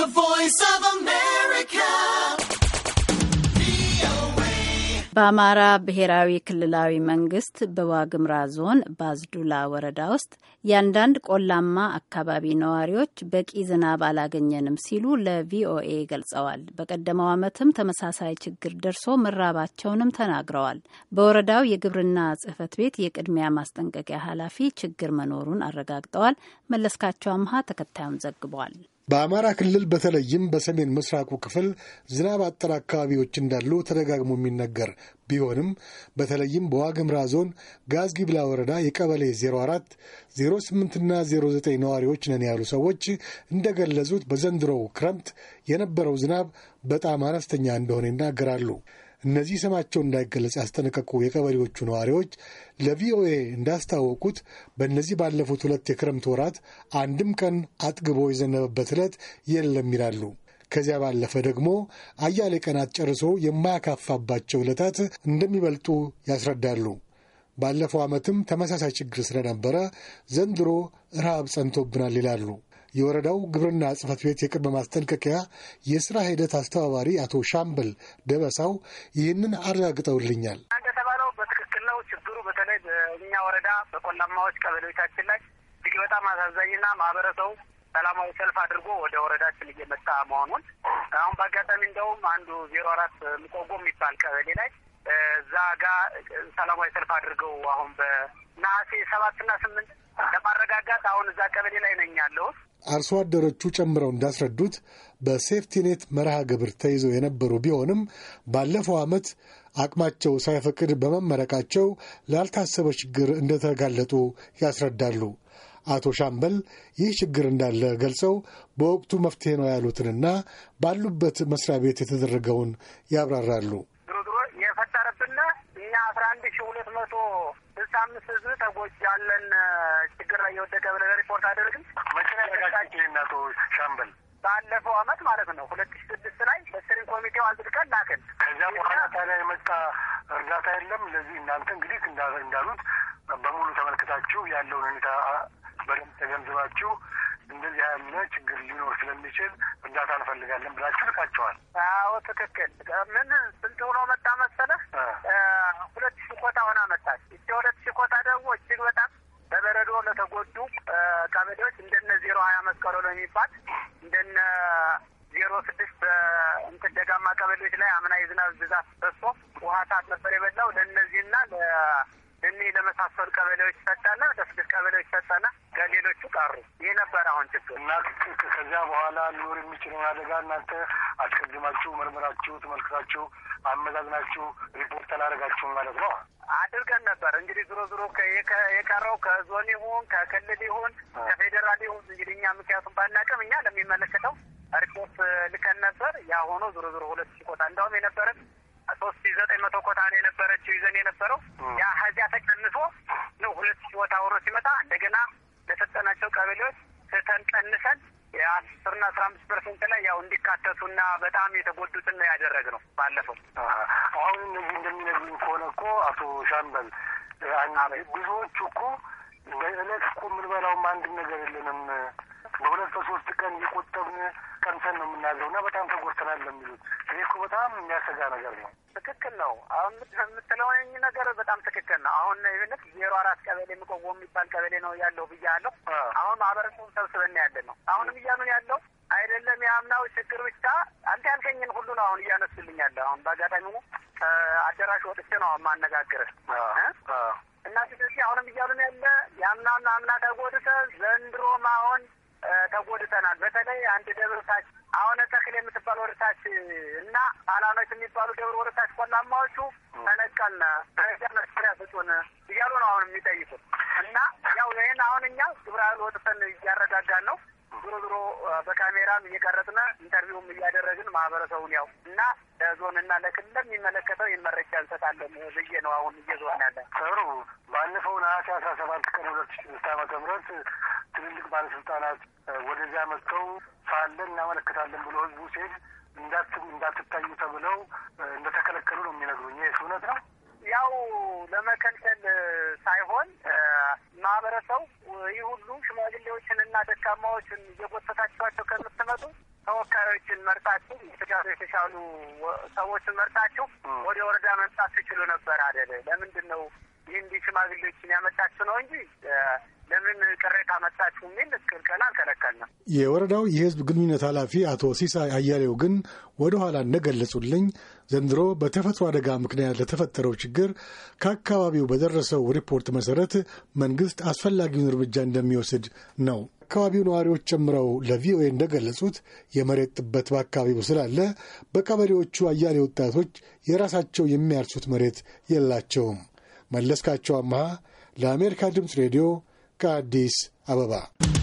The Voice of America. በአማራ ብሔራዊ ክልላዊ መንግስት በዋግምራ ዞን ባዝዱላ ወረዳ ውስጥ የአንዳንድ ቆላማ አካባቢ ነዋሪዎች በቂ ዝናብ አላገኘንም ሲሉ ለቪኦኤ ገልጸዋል። በቀደመው ዓመትም ተመሳሳይ ችግር ደርሶ መራባቸውንም ተናግረዋል። በወረዳው የግብርና ጽህፈት ቤት የቅድሚያ ማስጠንቀቂያ ኃላፊ ችግር መኖሩን አረጋግጠዋል። መለስካቸው አምሃ ተከታዩን ዘግቧል። በአማራ ክልል በተለይም በሰሜን ምስራቁ ክፍል ዝናብ አጠር አካባቢዎች እንዳሉ ተደጋግሞ የሚነገር ቢሆንም በተለይም በዋግምራ ዞን ጋዝ ጊብላ ወረዳ የቀበሌ 04፣ 08ና 09 ነዋሪዎች ነን ያሉ ሰዎች እንደገለጹት በዘንድሮው ክረምት የነበረው ዝናብ በጣም አነስተኛ እንደሆነ ይናገራሉ። እነዚህ ስማቸው እንዳይገለጽ ያስጠነቀቁ የቀበሌዎቹ ነዋሪዎች ለቪኦኤ እንዳስታወቁት በእነዚህ ባለፉት ሁለት የክረምት ወራት አንድም ቀን አጥግቦ የዘነበበት ዕለት የለም ይላሉ። ከዚያ ባለፈ ደግሞ አያሌ ቀናት ጨርሶ የማያካፋባቸው ዕለታት እንደሚበልጡ ያስረዳሉ። ባለፈው ዓመትም ተመሳሳይ ችግር ስለነበረ ዘንድሮ ረሃብ ጸንቶብናል ይላሉ። የወረዳው ግብርና ጽህፈት ቤት የቅድመ ማስጠንቀቂያ የስራ ሂደት አስተባባሪ አቶ ሻምበል ደበሳው ይህንን አረጋግጠውልኛል። እንደተባለው በትክክል ነው። ችግሩ በተለይ በእኛ ወረዳ በቆላማዎች ቀበሌዎቻችን ላይ እጅግ በጣም አሳዛኝና ማህበረሰቡ ሰላማዊ ሰልፍ አድርጎ ወደ ወረዳችን እየመጣ መሆኑን አሁን በአጋጣሚ እንደውም አንዱ ዜሮ አራት ምቆጎ የሚባል ቀበሌ ላይ እዛ ጋር ሰላማዊ ሰልፍ አድርገው አሁን በነሐሴ ሰባትና ስምንት ለማረጋጋት አሁን እዛ ቀበሌ ላይ ነኝ ያለሁት። አርሶ አደሮቹ ጨምረው እንዳስረዱት በሴፍቲኔት መርሃ ግብር ተይዘው የነበሩ ቢሆንም ባለፈው ዓመት አቅማቸው ሳይፈቅድ በመመረቃቸው ላልታሰበ ችግር እንደተጋለጡ ያስረዳሉ። አቶ ሻምበል ይህ ችግር እንዳለ ገልጸው በወቅቱ መፍትሄ ነው ያሉትንና ባሉበት መስሪያ ቤት የተደረገውን ያብራራሉ። ሺ ሁለት መቶ ስልሳ አምስት ህዝብ ተጎጂ ያለን ችግር ላይ የወደቀ ብለህ ሪፖርት አደረግም መኪናቶ ሻምበል ባለፈው አመት ማለት ነው ሁለት ሺ ስድስት ላይ በስሪን ኮሚቴው አጽድቀን ላክን። ከዚያ በኋላ ታዲያ የመጣ እርዳታ የለም። ለዚህ እናንተ እንግዲህ እንዳሉት በሙሉ ተመልክታችሁ ያለውን ሁኔታ በደንብ ተገንዝባችሁ እንደዚህ ያለ ችግር ሊኖር ስለሚችል እርዳታ እንፈልጋለን ብላችሁ ልካቸዋል። አዎ ትክክል። ምን ቀበሌዎች እንደነ ዜሮ ሀያ ነው የሚባል እንደነ ዜሮ ስድስት እንትን ደጋማ ቀበሌዎች ላይ አምና የዝናብ ብዛት በሶ ውሃ ሰዓት ነበር የበላው። ለእነዚህና ለእኔ ለመሳሰሉ ቀበሌዎች ሰጠነ፣ ለስድስት ቀበሌዎች ሰጠነ፣ ከሌሎቹ ቀሩ። ይህ ነበር አሁን ችግር እና ከዚያ በኋላ ሊኖር የሚችለውን አደጋ እናንተ አስቀድማችሁ መርምራችሁ ተመልክታችሁ አመዛዝናችሁ ሪፖርት አላደረጋችሁም ማለት ነው። አድርገን ነበር። እንግዲህ ዞሮ ዞሮ የቀረው ከዞን ይሁን ከክልል ይሁን ከፌዴራል ይሁን እንግዲህ እኛ ምክንያቱም ባናቅም እኛ ለሚመለከተው ሪፖርት ልከን ነበር። ያ ሆኖ ዞሮ ዞሮ ሁለት ሺ ኮታ እንዳውም የነበረን ሶስት ዘጠኝ መቶ ኮታ ነው የነበረችው ይዘን የነበረው ያ ከዚያ ተቀንሶ ነው ሁለት ሺ ኮታ ሆኖ ሲመጣ እንደገና ለሰጠናቸው ቀበሌዎች ትተን ቀንሰን የአስርና አስራ አምስት ፐርሰንት ላይ ያው እንዲካተቱና በጣም የተጎዱትን ነው ያደረግነው ባለፈው። አሁን እነዚህ እንደሚነግሩኝ ከሆነ እኮ አቶ ሻምበል ብዙዎቹ እኮ በእለት እኮ የምንበላውም አንድ ነገር የለንም። በሁለት በሶስት ቀን እየቆጠብን ቀንሰን ነው የምናለው እና በጣም ተጎድተናል ለሚሉት እኔ እኮ በጣም የሚያሰጋ ነገር ነው። ትክክል ነው። አሁን የምትለው ነገር በጣም ትክክል ነው። አሁን ይህነት ዜሮ አራት ቀበሌ ምቆቦ የሚባል ቀበሌ ነው ያለው ብያ አለው። አሁን ማህበረሰቡን ሰብስበን ያለ ነው አሁንም እያሉን ያለው አይደለም የአምናው ችግር ብቻ አንተ ያልከኝን ሁሉ ነው አሁን እያነሱልኝ ያለ። አሁን በአጋጣሚ ሆኖ አዳራሽ ወጥቼ ነው አሁን እና ስለዚህ አሁንም እያሉን ያለ የአምናና አምና ተጎድተ ዘንድሮም አሁን ተጎድተናል። በተለይ አንድ ደብር ታች አሁነ ተክል የምትባል ወደታች እና አላኖች የሚባሉ ደብር ወደታች ቆላማዎቹ ተነቀልነ ደረጃ መስሪያ ስጡን እያሉ ነው አሁን የሚጠይቁት እና ያው ይህን አሁን እኛ ግብረ ኃይል ወጥተን እያረጋጋን ነው ዞሮ ዞሮ በካሜራም እየቀረጽን ኢንተርቪውም እያደረግን ማህበረሰቡን ያው እና ለዞንና ለክልል የሚመለከተው ይህን መረጃ እንሰጣለን ብዬ ነው አሁን እየዞን ያለ ጥሩ። ባለፈው ነሐሴ አስራ ሰባት ቀን ሁለት ስድስት ዓመተ ምህረት ትልልቅ ባለስልጣናት ወደዚያ መጥተው ሳለን እናመለከታለን ብሎ ህዝቡ ሲሄድ እንዳትታዩ ተብለው እንደተከለከሉ ነው የሚነግሩኝ። እውነት ነው ያው ለመከልከል ሳይሆን ማህበረሰቡ ይህ ሁሉ ሽማግሌዎችንና ደካማዎችን እየጎተታችኋቸው ከምትመጡ ተወካዮችን መርጣችሁ የተሻሉ የተሻሉ ሰዎችን መርጣችሁ ወደ ወረዳ መምጣት ትችሉ ነበር አደለ? ለምንድን ነው ይህ እንዲህ ሽማግሌዎችን ያመጣችሁ ነው እንጂ ለምን ቅሬታ መጣችሁ የሚል ክልከላ አልከለከልንም። የወረዳው የህዝብ ግንኙነት ኃላፊ አቶ ሲሳይ አያሌው ግን ወደ ኋላ እንደገለጹልኝ ዘንድሮ በተፈጥሮ አደጋ ምክንያት ለተፈጠረው ችግር ከአካባቢው በደረሰው ሪፖርት መሰረት መንግስት አስፈላጊውን እርምጃ እንደሚወስድ ነው። አካባቢው ነዋሪዎች ጨምረው ለቪኦኤ እንደገለጹት የመሬት ጥበት በአካባቢው ስላለ በቀበሌዎቹ አያሌ ወጣቶች የራሳቸው የሚያርሱት መሬት የላቸውም። መለስካቸው አምሃ ለአሜሪካ ድምፅ ሬዲዮ ከአዲስ አበባ